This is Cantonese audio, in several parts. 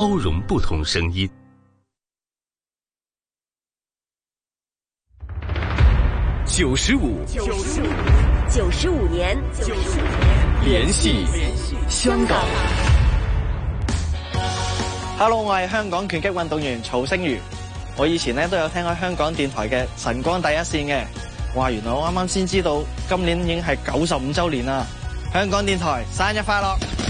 包容不同聲音。九十五，九十五，九十五年，九十五年。聯繫，聯繫香港。Hello，我係香港拳擊運動員曹星如。我以前咧都有聽過香港電台嘅《晨光第一線》嘅，哇，原來我啱啱先知道，今年已經係九十五周年啦！香港電台生日快樂！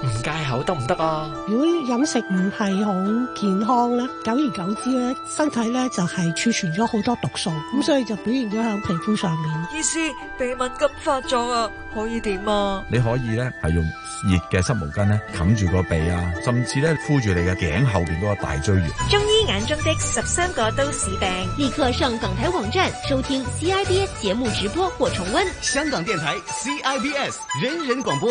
唔戒口得唔得啊？如果飲食唔係好健康咧，久而久之咧，身體咧，就係儲存咗好多毒素，咁所以就表現咗喺皮膚上面。醫生，鼻敏感發作啊，可以點啊？你可以咧，係用熱嘅濕毛巾咧冚住個鼻啊，甚至咧敷住你嘅頸後邊嗰個大椎穴。中醫眼中的十三個都市病，立刻上港台網站收聽 CIB 節目直播或重溫。香港電台 CIBS 人人廣播。